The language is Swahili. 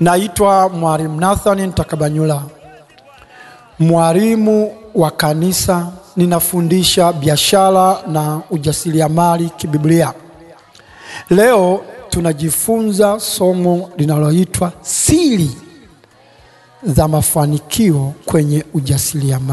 Naitwa Mwalimu Nathan Ntakabanyula, mwalimu wa kanisa. Ninafundisha biashara na ujasiriamali kibiblia. Leo tunajifunza somo linaloitwa siri za mafanikio kwenye ujasiriamali.